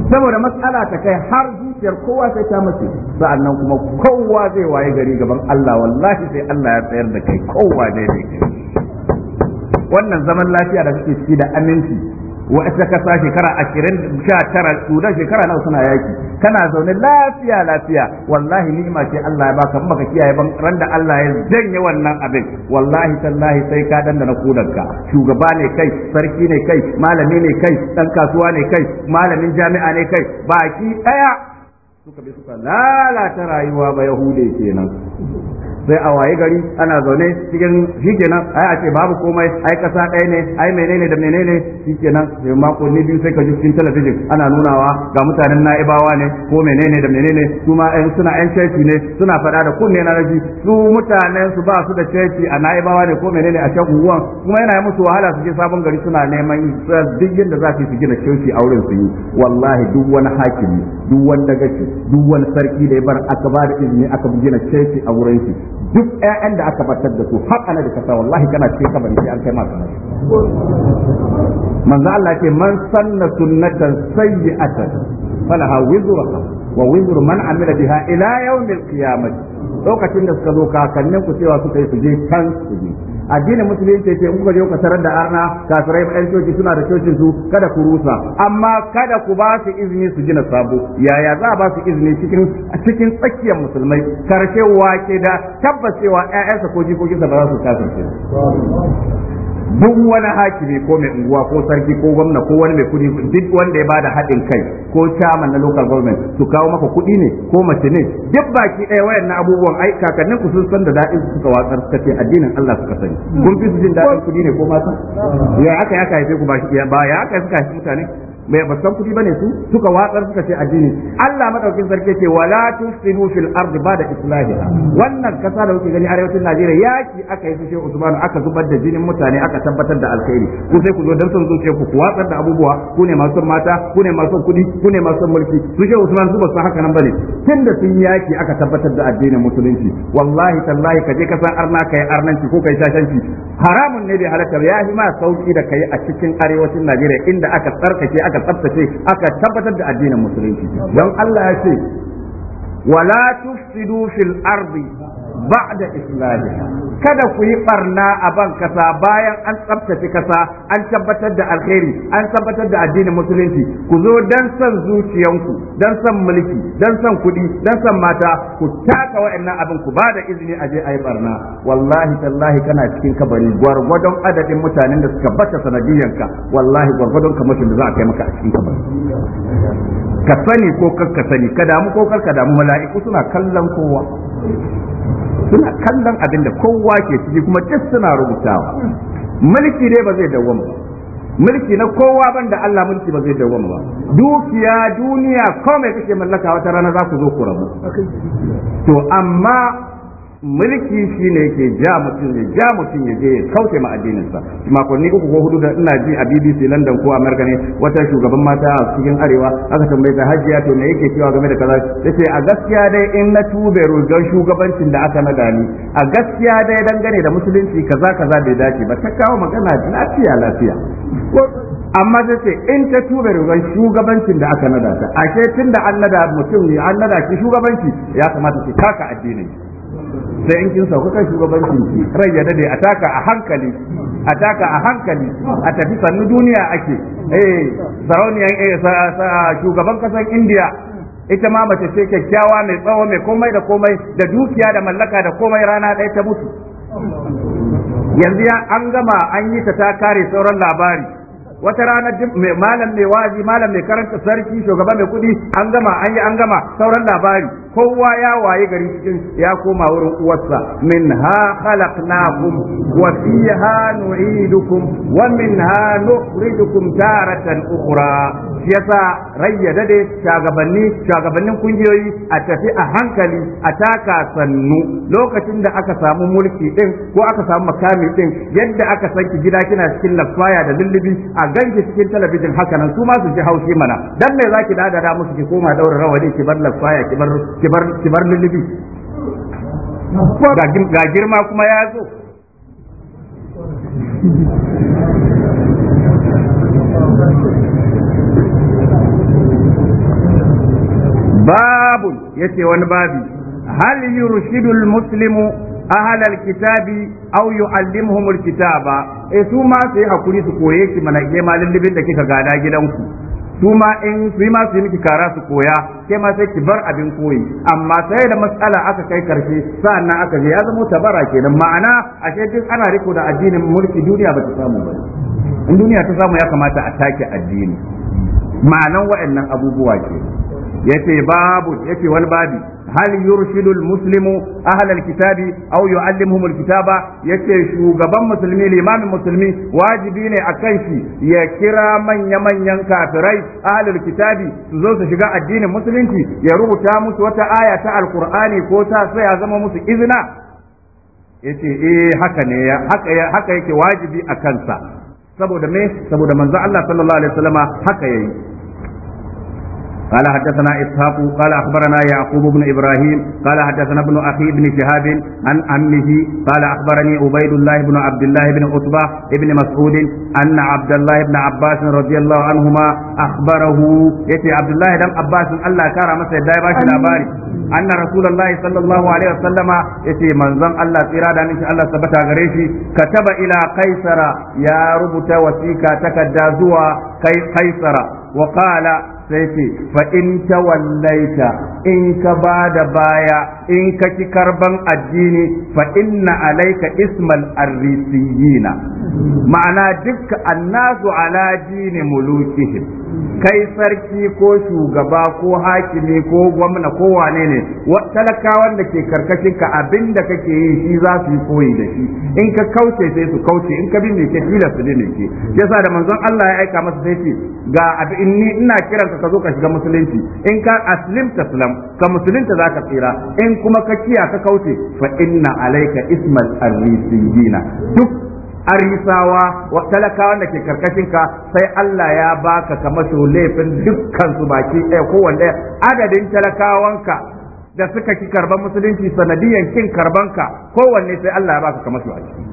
saboda matsala ta kai har zuciyar kowa sai ta mace sa'annan kuma kowa zai waye gari gaban Allah wallahi sai Allah ya tsayar da kai kowa ne ne wannan zaman lafiya da kake ciki da aminci wata kasa shekara ashirin sha tara tsudan shekara nawa suna yaki kana zaune lafiya lafiya wallahi ni'ima ce Allah ya baka baka kiyaye ban ran da Allah ya janye wannan abin wallahi tallahi sai ka na kudanka shugaba ne kai sarki ne kai malami ne kai dan kasuwa ne kai malamin jami'a ne kai baki daya suka bi suka lalata rayuwa ba yahude kenan sai a waye gari ana zaune cikin shikenan ai a ce babu komai ai kasa ɗaya ne ai menene da menene shikenan sai ne biyu sai ka ji cikin talabijin ana nunawa ga mutanen na'ibawa ne ko menene da menene su ma suna yan ceci ne suna faɗa da kunne na raji su mutanen su ba su da ceci a na'ibawa ne ko menene a can unguwan kuma yana musu wahala su je sabon gari suna neman duk yadda za su gina ceci a wurin su yi wallahi duk wani hakimi duk wani dagaci duk wani sarki da ya bar aka ba da izini aka gina ceci a wurin shi duk ƴaƴan da aka batar da su har ana da kasa wallahi kana cikin kabari sai an kai ma sanar manzo Allah ce man sanna sunnatan sayyi'atan falaha wizruha wa wizru man amila biha ila yawmil qiyamah lokacin da suka zo kakannin ku cewa suka yi su je kan su je addinin musulunci ce in kuka je ku tarar da arna kafirai ɗan coci suna da cocin su kada ku rusa amma kada ku ba su izini su gina sabo yaya za a ba su izini cikin cikin tsakiyar musulmai karshe wake da tabbacewa ƴaƴansa ko jikokinsa ba za su kafirce duk wani hakimi ko mai unguwa ko sarki ko gwamna ko wani mai kudi duk wanda ya bada haɗin kai ko chairman na local government su kawo maka kudi ne ko mace ne duk baki ɗaya wayan na abubuwan ai kakannin ku sun san da dadin su suka watsar suka ce addinin Allah suka sani kun fi su jin daɗin kudi ne ko mata ya aka ya aka haife ku ba ya aka suka haife mutane mai basan kudi bane su suka watsar suka ce addini Allah madaukin sarki ce wala tusidu fil ba ba'da islahiha wannan kasa da kuke gani arewacin Najeriya yaki aka yi su shehu Usman aka zubar da jinin mutane aka tabbatar da alkhairi ku sai ku zo dan son zuciya ku ku watsar da abubuwa ku ne masu mata ku ne masu kudi ku ne masu mulki su shehu Usman su ba su haka nan bane tunda sun yaki aka tabbatar da addinin musulunci wallahi tallahi kaje ka san arna kai arnanci ko kai shashanci haramun ne bai halaka ya ma sauki da kai a cikin arewacin Najeriya inda aka tsarkake aka aka tsaftace aka tabbatar da addinin musulunci don Allah ya ce wala tufsidu fil ardi ba'da islahiha kada ku yi barna a ban kasa bayan an tsabtace kasa an tabbatar da alheri an tabbatar da addinin musulunci ku zo dan san zuciyanku dan san mulki dan san kuɗi dan san mata ku taka wa'annan abin ku bada izini a je a yi barna wallahi tallahi kana cikin kabari gwargwadon adadin mutanen da suka bata sanadiyanka wallahi gwargwadon kamashin da za a kai maka a cikin kabari ka sani ko kar ka sani ka damu ko kar ka damu mala'iku suna kallon kowa suna kallon abin da kowa ke ciki kuma duk suna rubutawa mulki ne ba zai dawwama ba mulki na kowa banda Allah mulki ba zai dawwama ba dukiya duniya komai kake mallaka wata rana za ku zo ku rabu to amma mulki shi ne yake ja mutum ya ja mutum ya je ya kauce ma addininsa makonni uku ko hudu da ina ji a BBC London ko America ne wata shugaban mata a cikin arewa aka tambaye ta hajiya to me yake cewa game da kaza yace a gaskiya dai in na tube rugan shugabancin da aka naga ni a gaskiya dai dangane da musulunci kaza kaza bai dace ba ta kawo magana lafiya lafiya amma ta ce in ta tube ruban shugabancin da aka nada ta ashe tun da an nada mutum ne an nada shi shugabanci ya kamata ki taka addinin sai in kin sauka kan shugabancin ki rai ya dade a taka a hankali a taka a hankali a tafi sannu duniya ake eh sarauniyan eh shugaban kasan India ita ma mace ce kyakkyawa mai tsawo mai komai da komai da dukiya da mallaka da komai rana ɗaya ta mutu yanzu ya an gama an yi ta ta kare sauran labari wata rana mai malam mai wazi malam mai karanta sarki shugaba mai kudi an gama an yi an gama sauran labari kowa ya waye gari cikin ya koma wurin uwarsa min ha khalaqnakum wa fiha nu'idukum wa minha nukhrijukum taratan ukhra yasa rayya da shagabanni shagabannin kungiyoyi a tafi a hankali a taka sannu lokacin da aka samu mulki din ko aka samu makami din yadda aka sanki gida kina cikin lafaya da lullubi a ganki cikin talabijin haka nan su ma su ji haushi mana dan me zaki dada da musu ki koma daura rawani ki bar lafaya ki bar kibar lullubi ga girma kuma ya zo Babu ya ce wani babi hal yurshidul muslimu kitabi, الكتاب أو يعلمهم kitaba, e su ma su yi hakuri su koye ki mana ke malin libin da kika gada gidanku su ma in su ma su miki kara su koya ke ma sai ki bar abin koyi amma sai da matsala aka kai karshe sa'annan aka je ya zama tabara kenan ma'ana ashe duk ana riko da addinin mulki duniya ba ta samu ba in duniya ta samu ya kamata a take addini ma'anan waɗannan abubuwa kenan yace babu yace wani babi hal yurshidu almuslimu ahla alkitabi aw yuallimuhum alkitaba yace shugaban musulmi limamin musulmi wajibi ne kai shi ya kira manya manyan kafirai ahla alkitabi su zo su shiga addinin musulunci ya rubuta musu wata aya ta alqur'ani ko ta sai ya zama musu izina yace eh haka ne haka haka yake wajibi akan sa saboda me saboda manzo Allah sallallahu alaihi wasallama haka yayi قال حدثنا إسحاق قال أخبرنا يعقوب بن إبراهيم قال حدثنا ابن أخي بن شهاب عن عمه قال أخبرني عبيد الله بن عبد الله بن عتبة بن مسعود أن عبد الله بن عباس رضي الله عنهما أخبره يتي عبد الله بن عباس الله كرم سيدا باش الأباري أن رسول الله صلى الله عليه وسلم يتي منظم الله إرادة إن شاء الله ثبت غريشي كتب إلى قيصر يا ربط وسيكا تكدازوا Kai kaisara wa kala sai ce fa in ta wallaita in ka ba da baya in ka ki karban addini fa inna alaika ismal arrisiyina ma'ana dukka annasu ala dini mulukihim kai sarki ko shugaba ko hakimi ko gwamna ko wane ne talakawan da ke karkashin ka abinda da kake yi shi za su yi koyi da shi in ka kauce sai su kauce in ka ne ke tilas su ne ke yasa da manzon Allah ya aika masa sai ce ga abin ni ina kiran ka zo ka shiga musulunci in ka aslim taslam ka musulunta za ka tsira in kuma ka kiya ka kauce fa inna alaika ismal arrisiyina duk arisawa wa da ke karkashin ka sai Allah ya baka kamar su laifin dukkan su baki ɗaya kowanne ɗaya adadin talakawanka da suka ki karban musulunci sanadiyan kin karbanka kowanne sai Allah ya baka kamar su a ciki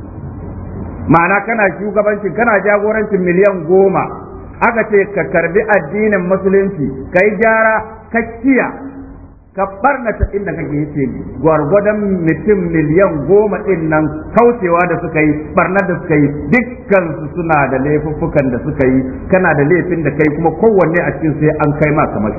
ma'ana kana shugabancin kana jagorancin miliyan goma aka ce ka karbi addinin musulunci ka yi gyara ka kiya ka ta inda kake yace gwargwadon mutum miliyan goma din nan kaucewa da suka yi barna da suka yi dukkan su suna da laifuffukan da suka yi kana da laifin da kai kuma kowanne a cikin sai an kai ma kamar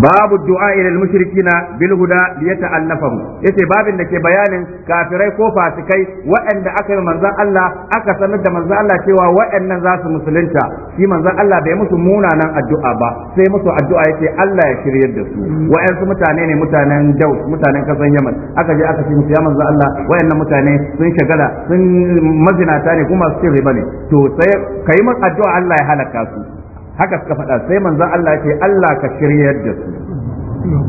babu du'a ila al-mushrikina bil huda liyata'allafahu yace babin da ke bayanin kafirai ko fasikai waɗanda aka yi manzon Allah aka sanar da manzon Allah cewa waɗannan za su musulunta shi manzon Allah bai musu munanan addu'a ba sai musu addu'a yace Allah ya shiryar da su waɗansu mutane ne mutanen Daud mutanen kasan Yaman aka je aka ce musu ya manzon Allah waɗannan mutane sun shagala sun mazinata ne kuma su ce bane ne to sai kai mun addu'a Allah ya halaka su haka suka faɗa sai manzon Allah ce Allah ka shiryar da su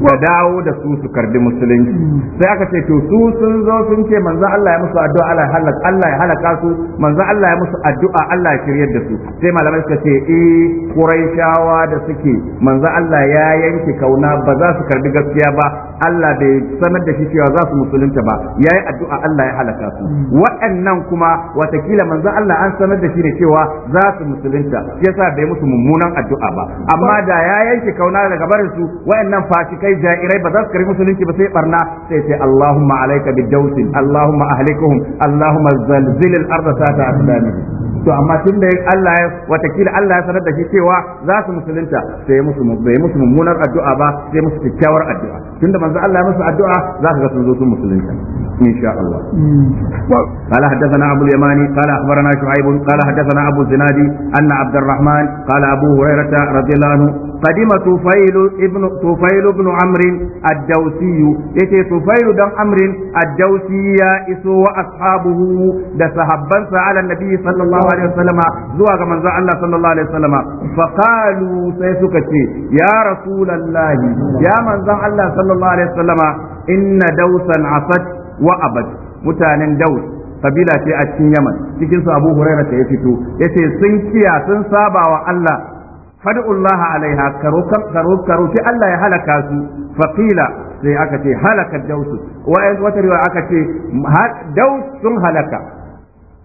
wa dawo da su su karbi musulunci sai aka ce to su sun zo sun ce manzo Allah ya musu addu'a Allah ya halaka Allah ya halaka su manzo Allah ya musu addu'a Allah ya shiryar da su sai malamai suka ce eh Quraishawa da suke manzo Allah ya yanke kauna ba za su karbi gaskiya ba Allah bai sanar da shi cewa za su musulunta ba yayi addu'a Allah ya halaka su waɗannan kuma watakila manzo Allah an sanar da shi ne cewa za su musulunta yasa bai musu mummunan addu'a ba amma da ya yanke kauna daga barin su waɗannan fa fasikai jairai ba za su karbi musulunci ba sai barna sai sai Allahumma alayka bijawsin Allahumma ahlikuhum Allahumma allahuma al-ardh sata to amma tun da Allah ya watakila Allah ya sanar da shi cewa za su musulunta sai musu bai musu mummunar addu'a ba sai musu kyakkyawar addu'a tun da manzo Allah ya musu addu'a za su ga sun zo sun musulunta insha Allah hmm. qala hadathana abu al-yamani qala akhbarana shu'aib qala hadathana abu zinadi anna abdurrahman qala abu hurairah radiyallahu anhu قدم طفيل ابن طفيل بن عمرو الدوسي يتي طفيل بن عمرو الدوسي يا اسو واصحابه ده صحابنسا على النبي صلى الله alaihi wasallam zuwa ga manzon Allah sallallahu alaihi wasallam fa qalu sai suka ce ya rasulullah ya manzon Allah sallallahu alaihi wasallam inna dausan asat wa abad mutanen daus kabila ce a cikin Yaman cikin su Abu Hurairah ta ya fito yace sun kiya sun saba wa Allah fad'ullah alaiha karo karo ki Allah ya halaka su faqila sai aka ce halaka daus wa wata riwaya aka ce daus sun halaka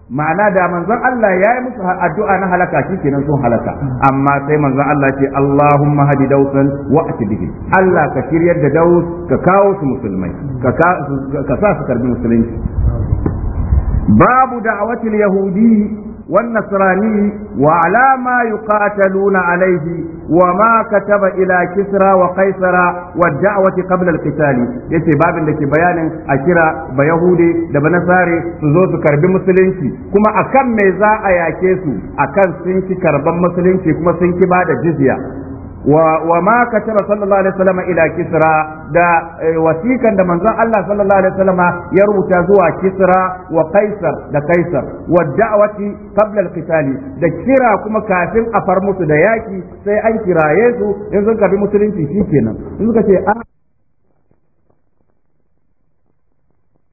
ma'ana da manzon Allah ya yi musu addu'a na halaka shi kenan sun halaka amma sai manzon Allah ce Allahumma hadi dausan wa bihi Allah ka shiryar da daus ka kawo su musulmai ka sa su karbi musulunci babu da'awatul yahudi والنصراني وعلى ما يقاتلون عليه وما كتب إلى كسرى وقيصر والدعوة قبل القتال يتي باب لك بيان أكرا بيهودي دبنساري سوزوس كرب مسلنكي كما أكم ميزا أياكيسو أكم سنكي كرب مسلنكي كما سنكي بعد جزية wa ma kataba sallallahu alaihi wasallam ila kisra da eh, wasikan da manzon Allah sallallahu alaihi wasallam ya rubuta zuwa kisra wa kaisar da kaisar wa da'wati qabla al da kira kuma kafin a far musu da yaƙi sai an kiraye su in sun kafi musulunci shikenan in suka ce a ah,